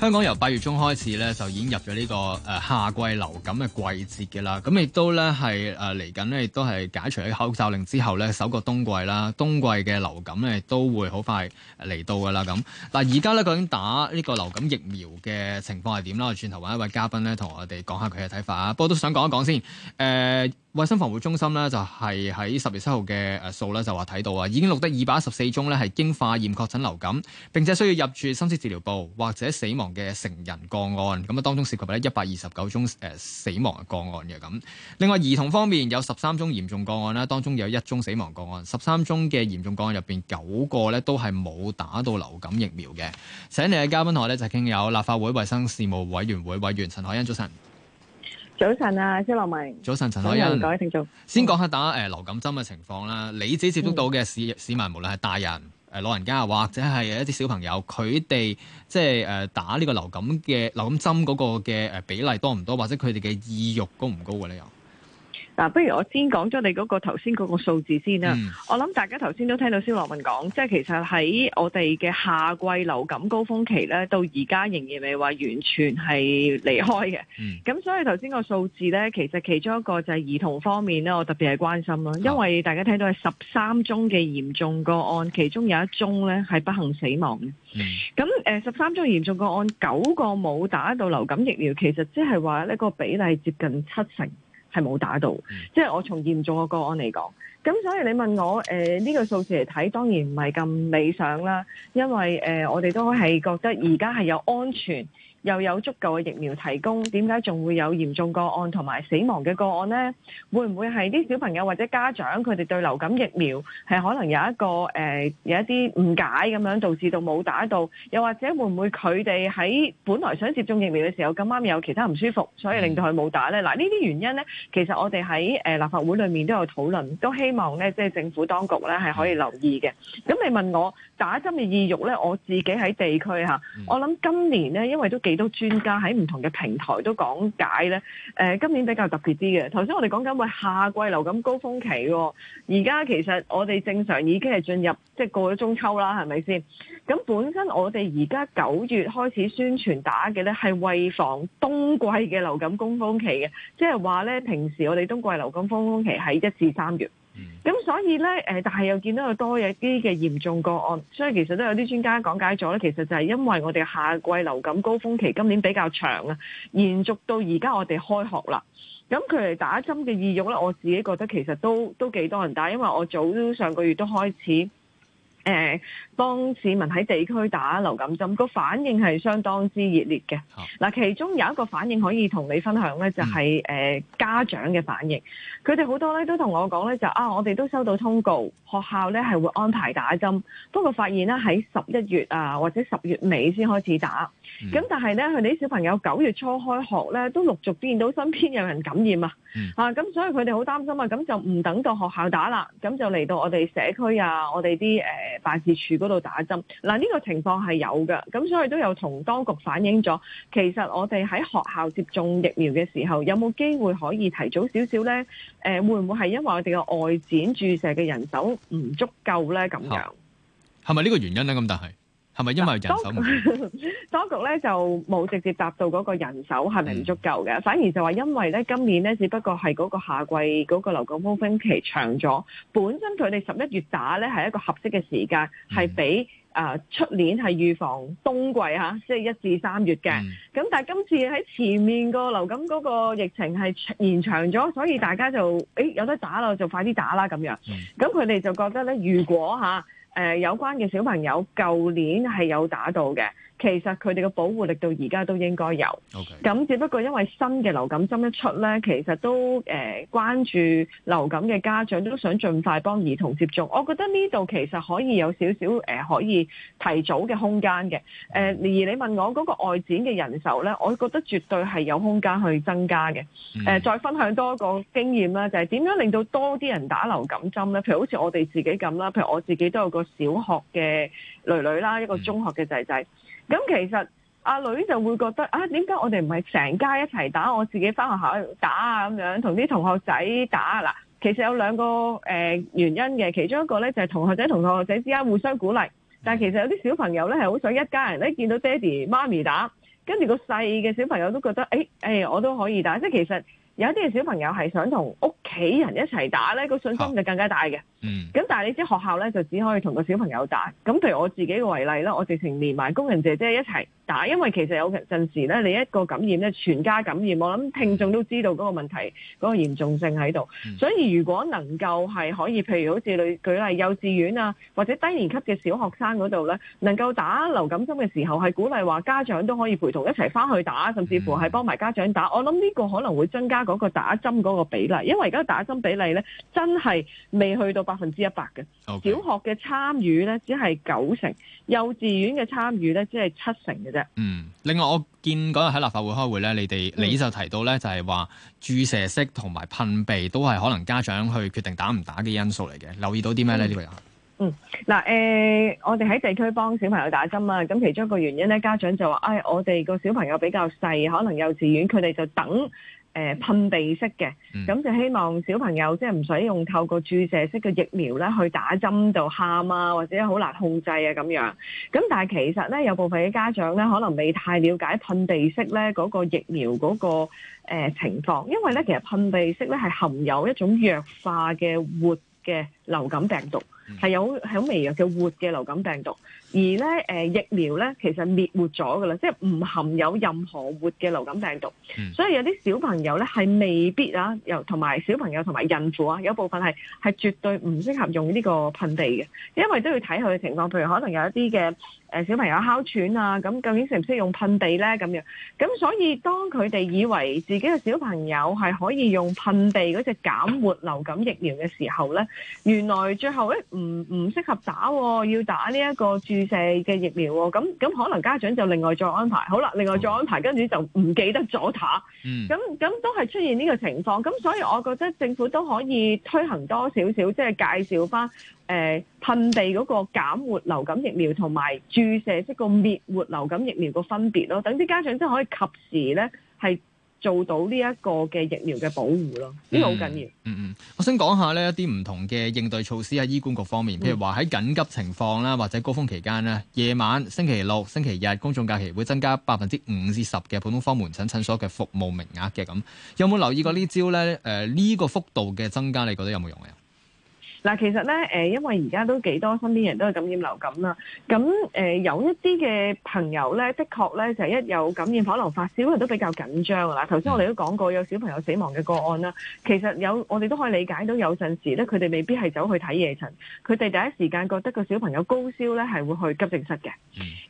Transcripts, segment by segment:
香港由八月中開始咧，就已經入咗呢個誒夏季流感嘅季節嘅啦。咁亦都咧係誒嚟緊呢，亦都係解除口罩令之後呢，首個冬季啦，冬季嘅流感呢都會好快嚟到噶啦咁。嗱，而家呢究竟打呢個流感疫苗嘅情況係點啦？我轉頭揾一位嘉賓呢，同我哋講下佢嘅睇法啊。不過都想講一講先。誒、呃，衛生防護中心呢，就係喺十月七號嘅數咧，就話睇到啊，已經錄得二百一十四宗，呢係經化驗確診流感，並且需要入住深切治療部或者死亡。嘅成人個案，咁啊當中涉及咧一百二十九宗誒死亡個案嘅咁。另外兒童方面有十三宗嚴重個案啦，當中有一宗死亡個案。十三宗嘅嚴重個案入邊九個咧都係冇打到流感疫苗嘅。請嚟嘅嘉賓台學咧就係傾有立法會衛生事務委員會委員陳凱欣，早晨。早晨啊，張樂明。早晨，陳凱欣，各位聽眾，先講下打誒流感針嘅情況啦。你指接觸到嘅市、嗯、市民，無論係大人，誒老人家或者係一啲小朋友，佢哋即係誒打呢個流感嘅流感針嗰個嘅誒比例多唔多，或者佢哋嘅意欲高唔高嘅咧又？嗱、啊，不如我先講咗你嗰、那個頭先嗰個數字先啦。嗯、我諗大家頭先都聽到蕭樂文講，即係其實喺我哋嘅夏季流感高峰期咧，到而家仍然未話完全係離開嘅。咁、嗯、所以頭先個數字咧，其實其中一個就係兒童方面咧，我特別係關心啦，因為大家聽到係十三宗嘅嚴重個案，其中有一宗咧係不幸死亡嘅。咁誒，十、嗯、三、呃、宗嚴重個案，九個冇打到流感疫苗，其實即係話呢個比例接近七成。係冇打到，即係我從嚴重嘅個案嚟講。咁所以你問我，誒呢個數字嚟睇，當然唔係咁理想啦，因為誒我哋都係覺得而家係有安全。又有足夠嘅疫苗提供，點解仲會有嚴重個案同埋死亡嘅個案咧？會唔會係啲小朋友或者家長，佢哋對流感疫苗係可能有一個誒、呃、有一啲誤解咁樣，導致到冇打到？又或者會唔會佢哋喺本來想接種疫苗嘅時候咁啱有其他唔舒服，所以令到佢冇打咧？嗱呢啲原因咧，其實我哋喺誒立法會裏面都有討論，都希望咧即係政府當局咧係可以留意嘅。咁你問我打針嘅意欲咧，我自己喺地區吓，我諗，今年咧因為都。幾多專家喺唔同嘅平台都講解呢。誒、呃，今年比較特別啲嘅，頭先我哋講緊話夏季流感高峰期，而家其實我哋正常已經係進入即係、就是、過咗中秋啦，係咪先？咁本身我哋而家九月開始宣傳打嘅呢，係為防冬季嘅流感高峰期嘅，即係話呢，平時我哋冬季流感高峰期喺一至三月。咁所以咧，誒，但係又見到有多一啲嘅嚴重個案，所以其實都有啲專家講解咗咧，其實就係因為我哋夏季流感高峰期今年比較長啊，延續到而家我哋開學啦。咁佢哋打針嘅意欲咧，我自己覺得其實都都幾多人打，因為我早上個月都開始，呃當市民喺地區打流感針，個反應係相當之熱烈嘅。嗱、啊，其中有一個反應可以同你分享咧，就係、是、誒、嗯呃、家長嘅反應。佢哋好多咧都同我講咧，就啊，我哋都收到通告，學校咧係會安排打針，不過發現咧喺十一月啊或者十月尾先開始打。咁、嗯、但係咧，佢哋啲小朋友九月初開學咧，都陸續見到身邊有人感染啊、嗯。啊，咁所以佢哋好擔心啊，咁就唔等到學校打啦，咁就嚟到我哋社區啊，我哋啲誒辦事處到打針嗱，呢個情況係有㗎，咁所以都有同當局反映咗。其實我哋喺學校接種疫苗嘅時候，有冇機會可以提早少少呢？誒，會唔會係因為我哋嘅外展注射嘅人手唔足夠呢？咁樣係咪呢個原因呢？咁但係。係咪因為人手？當局咧就冇直接答到嗰個人手係咪唔足夠嘅、嗯？反而就話因為咧今年咧只不過係嗰個夏季嗰、嗰個流感高峰期長咗，本身佢哋十一月打咧係一個合適嘅時間，係、嗯、比誒出年係預防冬季即係一至三月嘅。咁、嗯、但係今次喺前面個流感嗰個疫情係延長咗，所以大家就誒、欸、有得打啦，就快啲打啦咁樣。咁佢哋就覺得咧，如果誒、呃、有關嘅小朋友，舊年係有打到嘅。其實佢哋嘅保護力到而家都應該有，咁、okay. 只不過因為新嘅流感針一出呢，其實都誒、呃、關注流感嘅家長都想盡快幫兒童接種。我覺得呢度其實可以有少少、呃、可以提早嘅空間嘅，誒、呃、而你問我嗰、那個外展嘅人手呢，我覺得絕對係有空間去增加嘅、mm. 呃。再分享多個個經驗啦，就係、是、點樣令到多啲人打流感針呢？譬如好似我哋自己咁啦，譬如我自己都有個小學嘅囡囡啦，一個中學嘅仔仔。Mm. 咁其實阿女就會覺得啊，點解我哋唔係成家一齊打，我自己返學校打啊咁樣，同啲同學仔打喇。嗱。其實有兩個誒、呃、原因嘅，其中一個咧就係、是、同學仔同同學仔之間互相鼓勵，但係其實有啲小朋友咧係好想一家人咧見到爹哋媽咪打，跟住個細嘅小朋友都覺得誒誒、欸欸，我都可以打，即係其實。有啲嘅小朋友係想同屋企人一齊打咧，個信心就更加大嘅。咁、嗯、但係你知學校咧就只可以同個小朋友打。咁譬如我自己嘅為例啦，我直情連埋工人姐姐一齊打，因為其實有陣時咧你一個感染咧全家感染。我諗聽眾都知道嗰個問題嗰、個嚴重性喺度、嗯，所以如果能夠係可以，譬如好似舉舉例幼稚園啊或者低年級嘅小學生嗰度咧，能夠打流感針嘅時候係鼓勵話家長都可以陪同一齊翻去打，甚至乎係幫埋家長打。我諗呢個可能會增加嗰個打針嗰個比例，因為而家打針比例咧，真係未去到百分之一百嘅。Okay. 小學嘅參與咧，只係九成；幼稚園嘅參與咧，只係七成嘅啫。嗯，另外我見嗰日喺立法會開會咧，你哋你就提到咧，就係話注射式同埋噴鼻都係可能家長去決定打唔打嘅因素嚟嘅。留意到啲咩咧？呢個啊，嗯嗱，誒、嗯呃，我哋喺地區幫小朋友打針啊，咁其中一個原因咧，家長就話：唉、哎，我哋個小朋友比較細，可能幼稚園佢哋就等。誒噴鼻式嘅，咁就希望小朋友即係唔使用透過注射式嘅疫苗咧，去打針就喊啊，或者好難控制啊咁樣。咁但係其實咧，有部分嘅家長咧，可能未太了解噴鼻式咧嗰個疫苗嗰個誒情況，因為咧其實噴鼻式咧係含有一種弱化嘅活嘅流感病毒。係有係微弱嘅活嘅流感病毒，而咧誒、呃、疫苗咧其實滅活咗噶啦，即係唔含有任何活嘅流感病毒，嗯、所以有啲小朋友咧係未必啊，又同埋小朋友同埋孕婦啊，有部分係係絕對唔適合用呢個噴鼻嘅，因為都要睇佢嘅情況，譬如可能有一啲嘅。誒小朋友哮喘啊，咁究竟適唔適用噴鼻呢？咁樣咁，所以當佢哋以為自己嘅小朋友係可以用噴鼻嗰隻減活流感疫苗嘅時候呢，原來最後呢唔唔適合打，要打呢一個注射嘅疫苗喎。咁咁可能家長就另外再安排，好啦，另外再安排，嗯，跟住就唔記得咗打。咁咁都係出現呢個情況。咁所以我覺得政府都可以推行多少少，即係介紹翻。誒、呃，噴鼻嗰個減活流感疫苗同埋注射即個滅活流感疫苗個分別咯，等啲家長真係可以及時咧係做到呢一個嘅疫苗嘅保護咯，呢、這個好緊要。嗯嗯，嗯，我想講下呢一啲唔同嘅應對措施喺醫管局方面，譬如話喺緊急情況啦，或者高峰期間呢，夜晚星期六、星期日公眾假期會增加百分之五至十嘅普通科門診診所嘅服務名額嘅，咁有冇留意過呢招咧？誒、呃、呢、這個幅度嘅增加你覺得有冇用啊？嗱，其實咧，因為而家都幾多身邊人都係感染流感啦，咁、呃、有一啲嘅朋友咧，的確咧就係一有感染，可能發燒，佢都比較緊張啦。頭先我哋都講過有小朋友死亡嘅個案啦，其實有我哋都可以理解到有時，有陣時咧佢哋未必係走去睇夜診，佢哋第一時間覺得個小朋友高燒咧係會去急症室嘅。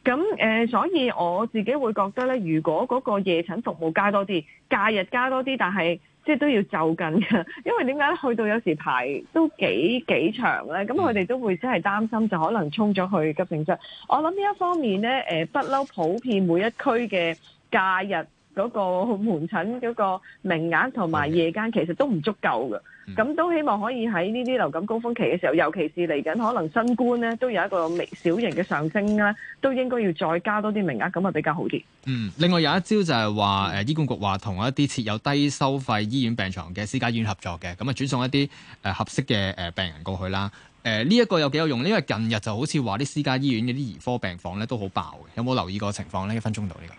咁、嗯呃、所以我自己會覺得咧，如果嗰個夜診服務加多啲，假日加多啲，但係，即係都要就近嘅，因為點解？去到有時排都幾幾長咧，咁佢哋都會真係擔心，就可能衝咗去急症室。我諗呢一方面咧，呃，不嬲普、普遍每一區嘅假日。嗰、嗰個門診嗰個名額同埋夜間其實都唔足夠嘅，咁都希望可以喺呢啲流感高峰期嘅時候，尤其是嚟緊可能新冠呢，都有一個微小型嘅上升啦，都應該要再加多啲名額，咁啊比較好啲。嗯，另外有一招就係話，誒醫管局話同一啲設有低收費醫院病床嘅私家醫院合作嘅，咁啊轉送一啲誒合適嘅誒病人過去啦。誒呢一個有幾有用呢？因為近日就好似話啲私家醫院啲兒科病房咧都好爆嘅，有冇留意過情況呢？一分鐘度呢、呢個？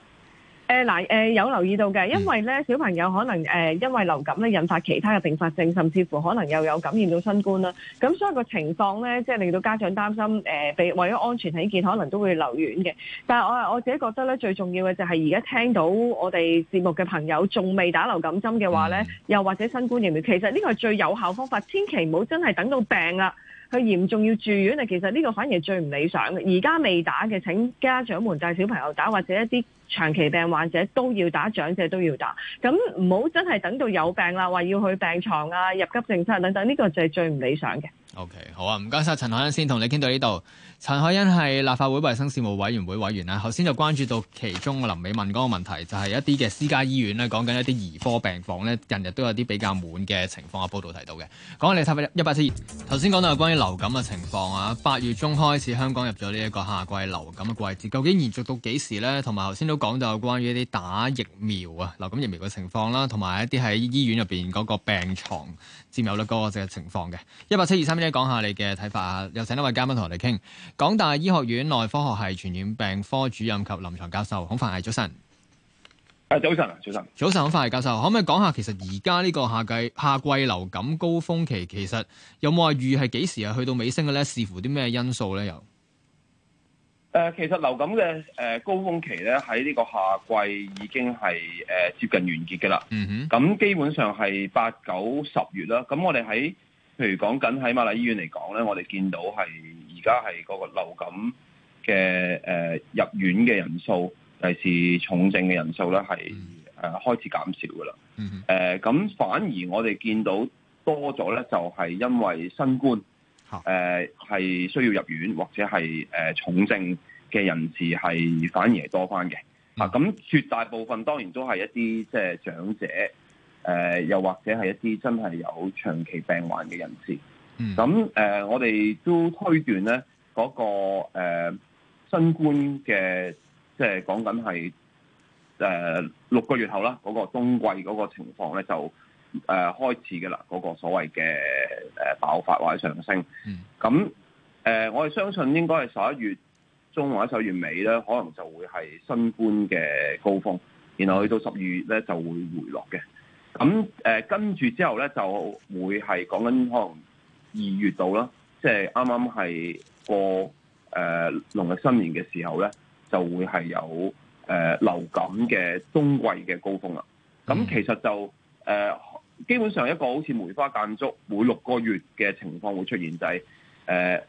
誒、呃、嗱、呃呃，有留意到嘅，因為咧小朋友可能誒、呃、因為流感咧引發其他嘅併發症，甚至乎可能又有感染到新冠啦。咁所以個情況咧，即係令到家長擔心誒、呃，為咗安全起見，可能都會留院嘅。但我我自己覺得咧，最重要嘅就係而家聽到我哋節目嘅朋友仲未打流感針嘅話咧、嗯，又或者新冠疫苗，其實呢個係最有效方法。千祈唔好真係等到病啦，佢嚴重要住院啊。其實呢個反而係最唔理想嘅。而家未打嘅，請家長們帶小朋友打，或者一啲。長期病患者都要打，長者都要打，咁唔好真係等到有病啦，話要去病床啊、入急症室等等，呢、這個就係最唔理想嘅。O、okay, K，好啊，唔該晒。陳凱欣，先同你傾到呢度。陳凱欣係立法會衞生事務委員會委員啦，頭先就關注到其中臨尾問嗰個問題，就係一啲嘅私家醫院咧，講緊一啲兒科病房咧，近日都有啲比較滿嘅情況嘅報導提到嘅。講下你嘅一八七頭先講到有關於流感嘅情況啊，八月中開始香港入咗呢一個夏季流感嘅季節，究竟延續到幾時呢？同埋頭先都講到有關於啲打疫苗啊，流感疫苗嘅情況啦，同埋一啲喺醫院入邊嗰個病床佔有率高嘅情況嘅。3, 一八七二三一，講下你嘅睇法啊！有請一位嘉賓同我哋傾，港大醫學院內科學系傳染病科主任及臨床教授孔繁毅早晨。誒，早晨啊，早晨，早晨好，繁毅、教授，可唔可以講下其實而家呢個夏季夏季流感高峰期，其實有冇話預係幾時啊？去到尾聲嘅咧，視乎啲咩因素咧？又、呃、誒，其實流感嘅誒、呃、高峰期咧，喺呢個夏季已經係誒、呃、接近完結嘅啦。嗯哼，咁基本上係八九十月啦。咁我哋喺譬如講緊喺瑪麗醫院嚟講咧，我哋見到係而家係嗰個流感嘅誒、呃、入院嘅人數。第四重症嘅人數咧係誒開始減少噶啦，誒、嗯、咁、呃、反而我哋見到多咗咧，就係因為新冠誒係需要入院或者係誒、呃、重症嘅人士係反而係多翻嘅、嗯、啊！咁絕大部分當然都係一啲即係長者誒、呃，又或者係一啲真係有長期病患嘅人士。咁、嗯、誒、嗯呃，我哋都推斷咧嗰個、呃、新冠嘅。即係講緊係誒六個月後啦，嗰、那個冬季嗰個情況咧就誒、呃、開始嘅啦，嗰、那個所謂嘅誒爆發或者上升。咁、嗯、誒、呃，我哋相信應該係十一月中或者十一月尾咧，可能就會係新冠嘅高峰，然後去到十二月咧就會回落嘅。咁誒、呃、跟住之後咧就會係講緊可能二月度啦，即係啱啱係過誒農曆新年嘅時候咧。就會係有誒、呃、流感嘅冬季嘅高峰啦。咁其實就誒、呃、基本上一個好似梅花間竹每六個月嘅情況會出現，就係、是、誒、呃、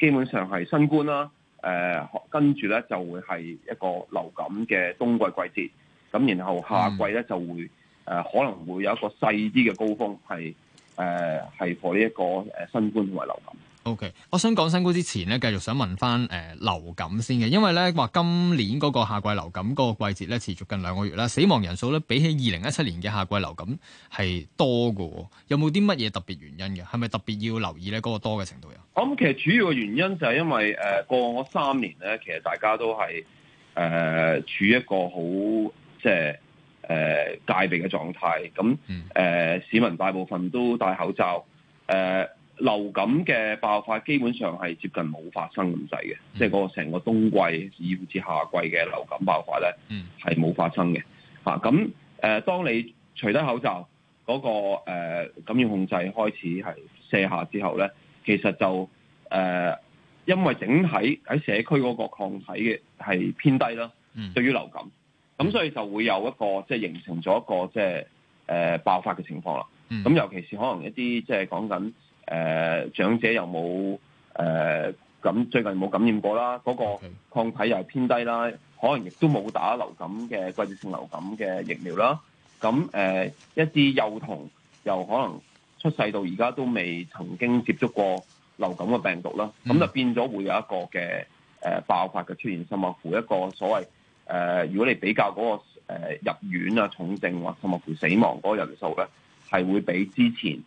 基本上係新冠啦。誒跟住咧就會係一個流感嘅冬季季節。咁然後夏季咧就會誒、呃、可能會有一個細啲嘅高峰，係誒係喎呢一個誒新冠同流感。OK，我想講新股之前咧，繼續想問翻誒、呃、流感先嘅，因為咧話今年嗰個夏季流感嗰個季節咧持續近兩個月啦，死亡人數咧比起二零一七年嘅夏季流感係多㗎，有冇啲乜嘢特別原因嘅？係咪特別要留意咧嗰個多嘅程度啊？咁、嗯、其實主要嘅原因就係因為誒、呃、過往三年咧，其實大家都係誒、呃、處一個好即係誒、呃、戒備嘅狀態，咁、嗯、誒、呃、市民大部分都戴口罩誒。呃流感嘅爆發基本上係接近冇發生咁滯嘅，即係嗰個成個冬季以至夏季嘅流感爆發咧，係冇發生嘅。嚇咁誒，當你除低口罩嗰、嗰個、呃、感染控制開始係卸下之後咧，其實就誒、呃、因為整體喺社區嗰個抗體嘅係偏低啦、嗯，對於流感咁，所以就會有一個即係、就是、形成咗一個即係誒爆發嘅情況啦。咁、嗯、尤其是可能一啲即係講緊。就是誒、呃、長者又冇誒咁最近冇感染過啦，嗰、那個抗體又偏低啦，可能亦都冇打流感嘅季節性流感嘅疫苗啦。咁誒、呃、一啲幼童又可能出世到而家都未曾經接觸過流感嘅病毒啦，咁就變咗會有一個嘅、呃、爆發嘅出現，甚至乎一個所謂誒、呃，如果你比較嗰、那個、呃、入院啊、重症或甚至乎死亡嗰個人數咧，係會比之前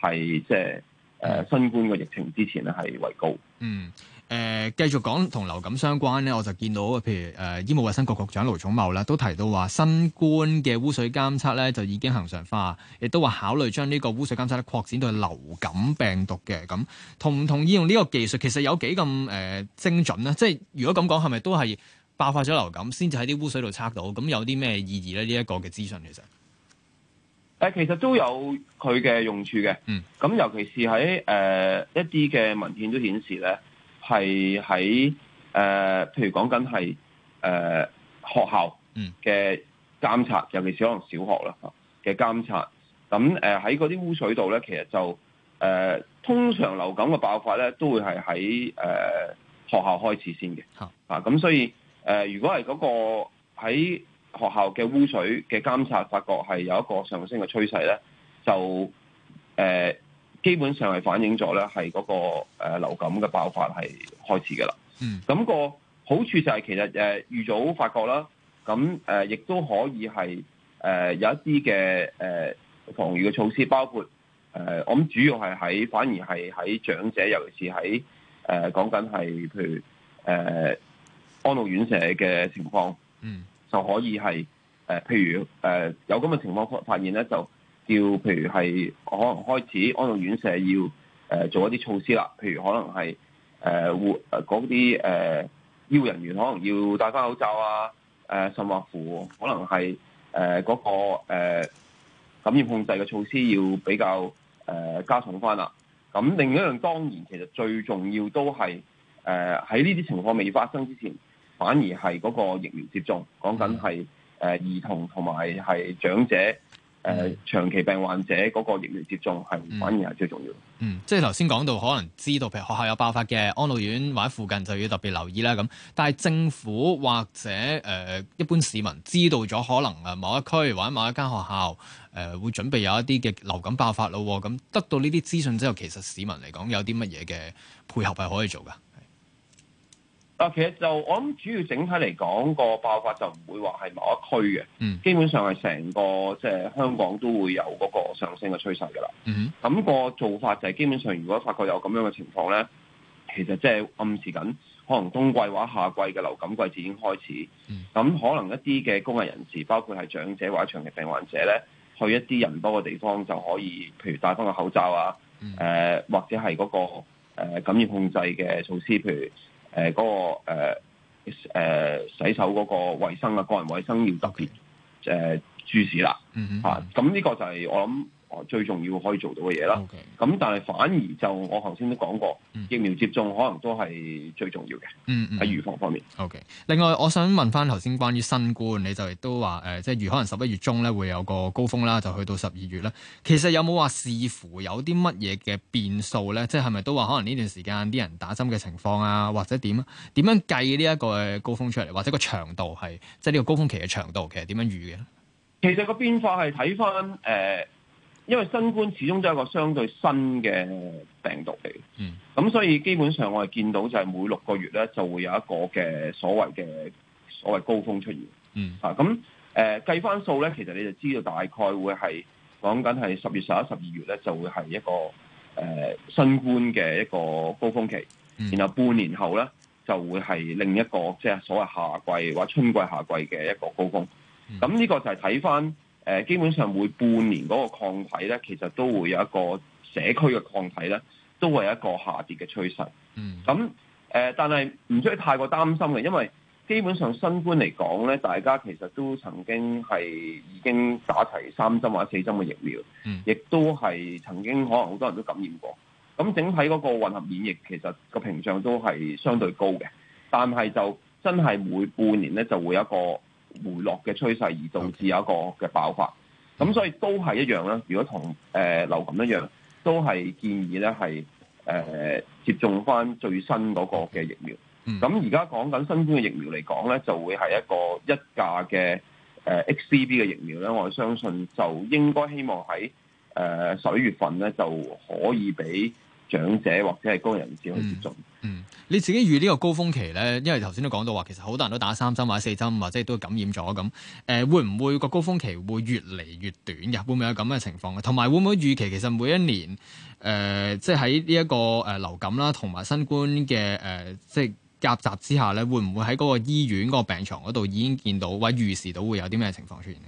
係即係。誒新冠嘅疫情之前咧係為高嗯，嗯、呃、誒繼續講同流感相關呢，我就見到譬如誒醫務衛生局局長盧重茂啦，都提到話新冠嘅污水監測呢，就已經恆常化，亦都話考慮將呢個污水監測咧擴展到流感病毒嘅。咁，同唔同意用呢個技術其實有幾咁誒精準呢？即係如果咁講，係咪都係爆發咗流感先至喺啲污水度測到？咁有啲咩意義呢？呢、這、一個嘅資訊其實？誒其實都有佢嘅用處嘅，咁、嗯、尤其是喺誒、呃、一啲嘅文件都顯示咧，係喺誒譬如講緊係誒學校嘅監察、嗯，尤其是可能小學啦嘅監察，咁誒喺嗰啲污水度咧，其實就誒、呃、通常流感嘅爆發咧，都會係喺誒學校開始先嘅，啊咁、啊、所以誒、呃、如果係嗰個喺學校嘅污水嘅監察，發覺係有一個上升嘅趨勢咧，就誒、呃、基本上係反映咗咧係嗰個誒、呃、流感嘅爆發係開始噶啦。嗯、咁、那個好處就係其實誒預、呃、早發覺啦，咁誒、呃、亦都可以係誒、呃、有一啲嘅誒防禦嘅措施，包括誒、呃、我諗主要係喺反而係喺長者，尤其是喺誒講緊係譬如誒、呃、安老院舍嘅情況。嗯。就可以係、呃、譬如、呃、有咁嘅情況發現咧，就叫譬如係可能開始安老院舍要、呃、做一啲措施啦，譬如可能係誒護誒嗰啲醫護人員可能要戴翻口罩啊，誒、呃、甚或乎可能係誒嗰個、呃、感染控制嘅措施要比較、呃、加重翻啦。咁另一樣當然其實最重要都係誒喺呢啲情況未發生之前。反而係嗰個疫苗接種，講緊係誒兒童同埋係長者、誒、嗯、長期病患者嗰個疫苗接種，係反而係最重要嗯。嗯，即係頭先講到可能知道，譬如學校有爆發嘅安老院或者附近就要特別留意啦。咁，但係政府或者、呃、一般市民知道咗可能某一區或者某一間學校誒、呃、會準備有一啲嘅流感爆發咯。咁得到呢啲資訊之後，其實市民嚟講有啲乜嘢嘅配合係可以做㗎？啊，其實就我諗，主要整體嚟講，個爆發就唔會話係某一區嘅、嗯，基本上係成個即係、就是、香港都會有嗰個上升嘅趨勢㗎喇，咁、嗯個做法就係基本上，如果發覺有咁樣嘅情況呢，其實即係暗示緊可能冬季或夏季嘅流感季節已經開始，咁、嗯、可能一啲嘅高危人士，包括係長者或者長期病患者呢，去一啲人多嘅地方就可以，譬如戴返個口罩啊，嗯呃、或者係嗰、個、呃、感染控制嘅措施，譬如。誒、呃，嗰、那個誒、呃呃、洗手嗰個衞生啊，個人衛生要特別誒注意啦，吓、okay. 呃，咁呢、mm -hmm. 啊、個就係、是、我諗。最重要可以做到嘅嘢啦。咁、okay. 但係反而就我頭先都講過、嗯，疫苗接種可能都係最重要嘅。嗯，喺預防方面。好嘅。另外，我想問翻頭先關於新冠，你就亦都話誒，即係如可能十一月中咧會有個高峰啦，就去到十二月啦。其實有冇話視乎有啲乜嘢嘅變數咧？即係咪都話可能呢段時間啲人打針嘅情況啊，或者點啊？點樣計呢一個高峰出嚟，或者個長度係即係呢個高峰期嘅長度其，其實點樣預嘅？其實個變化係睇翻誒。呃因為新冠始終都係一個相對新嘅病毒嚟，咁、嗯、所以基本上我哋見到就係每六個月咧就會有一個嘅所謂嘅所謂高峰出現。嗯，嚇咁誒計返數咧，其實你就知道大概會係講緊係十月十一、十二月咧就會係一個誒、呃、新冠嘅一個高峰期，嗯、然後半年後咧就會係另一個即係、就是、所謂夏季或春季、夏季嘅一個高峰。咁、嗯、呢個就係睇返。誒基本上每半年嗰個抗體咧，其實都會有一個社區嘅抗體咧，都會有一個下跌嘅趨勢。嗯。咁、嗯、誒，但係唔需要太過擔心嘅，因為基本上新冠嚟講咧，大家其實都曾經係已經打齊三針或者四針嘅疫苗，亦、嗯、都係曾經可能好多人都感染過。咁整體嗰個混合免疫其實個屏障都係相對高嘅，但係就真係每半年咧就會有一個。回落嘅趨勢而導致有一個嘅爆發，咁所以都係一樣啦。如果同誒流感一樣，都係建議咧係誒接種翻最新嗰個嘅疫苗。咁而家講緊新冠嘅疫苗嚟講咧，就會係一個一價嘅誒 XCB 嘅疫苗咧。我相信就應該希望喺誒十一月份咧就可以俾。長者或者係高人士去接種嗯。嗯，你自己遇呢個高峰期咧，因為頭先都講到話，其實好多人都打三針，或者四針，或者都感染咗咁。誒、呃，會唔會個高峰期會越嚟越短嘅？會唔會有咁嘅情況？同埋會唔會預期其實每一年誒、呃，即係喺呢一個誒流感啦，同埋新冠嘅誒、呃，即係夾雜之下咧，會唔會喺嗰個醫院嗰個病床嗰度，已經見到或者預示到會有啲咩情況出現咧？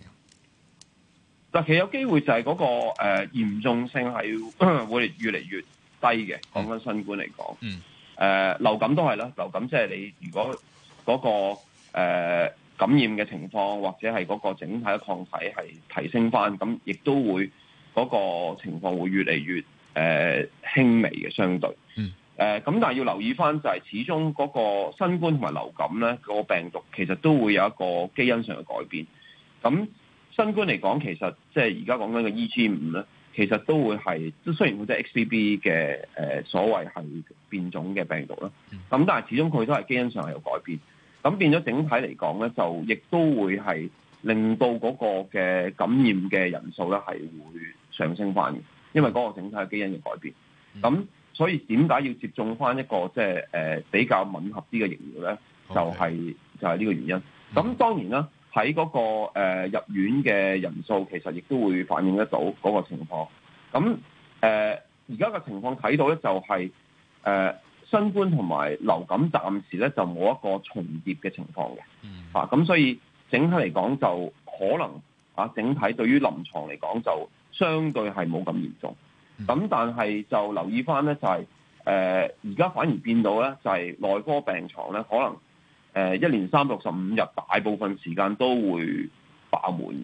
其實有機會就係嗰、那個誒呃，嚴重性係會越嚟越。低嘅，講緊新冠嚟講、嗯呃，流感都係啦。流感即係你如果嗰、嗰個、呃、感染嘅情況，或者係嗰個整體嘅抗體係提升翻，咁亦都會嗰、嗰個情況會越嚟越誒、呃、輕微嘅相對。誒、嗯、咁、呃，但係要留意翻就係，始終嗰個新冠同埋流感咧，嗰個病毒其實都會有一個基因上嘅改變。咁新冠嚟講，其實即係而家講緊嘅 EG5 咧。其實都會係，雖然佢都係 XBB 嘅誒、呃、所謂係變種嘅病毒啦，咁、嗯、但係始終佢都係基因上係有改變，咁變咗整體嚟講咧，就亦都會係令到嗰個嘅感染嘅人數咧係會上升翻嘅，因為嗰個整體嘅基因嘅改變。咁、嗯、所以點解要接種翻一個即係誒比較吻合啲嘅疫苗咧、okay 就係？就係就係呢個原因。咁當然啦。嗯嗯喺嗰、嗰個、誒、入院嘅人數，其實亦都會反映得到嗰個情況。咁誒而家嘅情況睇到咧、就係，就係誒新冠同埋流感暫時咧就冇一個重疊嘅情況嘅。Mm. 啊，咁所以整體嚟講就可能啊，整體對於臨床嚟講就相對係冇咁嚴重。咁、mm. 但係就留意翻咧、就係，就係誒而家反而變到咧，就係內科病床咧可能。誒、呃，一年三百六十五日，大部分時間都會爆滿，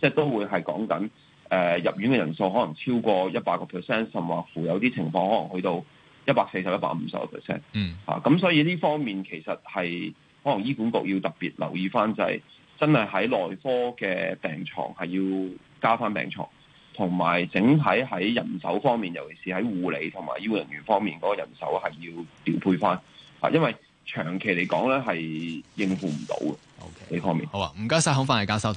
即係都會係講緊，誒、呃、入院嘅人數可能超過一百個 percent，甚或乎有啲情況可能去到一百四十、一百五十個 percent。嗯，吓、啊、咁，所以呢方面其實係可能醫管局要特別留意返，就係真係喺內科嘅病床係要加返病床，同埋整體喺人手方面，尤其是喺護理同埋醫護人員方面嗰個人手係要調配返，啊，因為。長期嚟講咧，係應付唔到嘅。OK，呢方面好啊！唔該晒孔繁毅教授。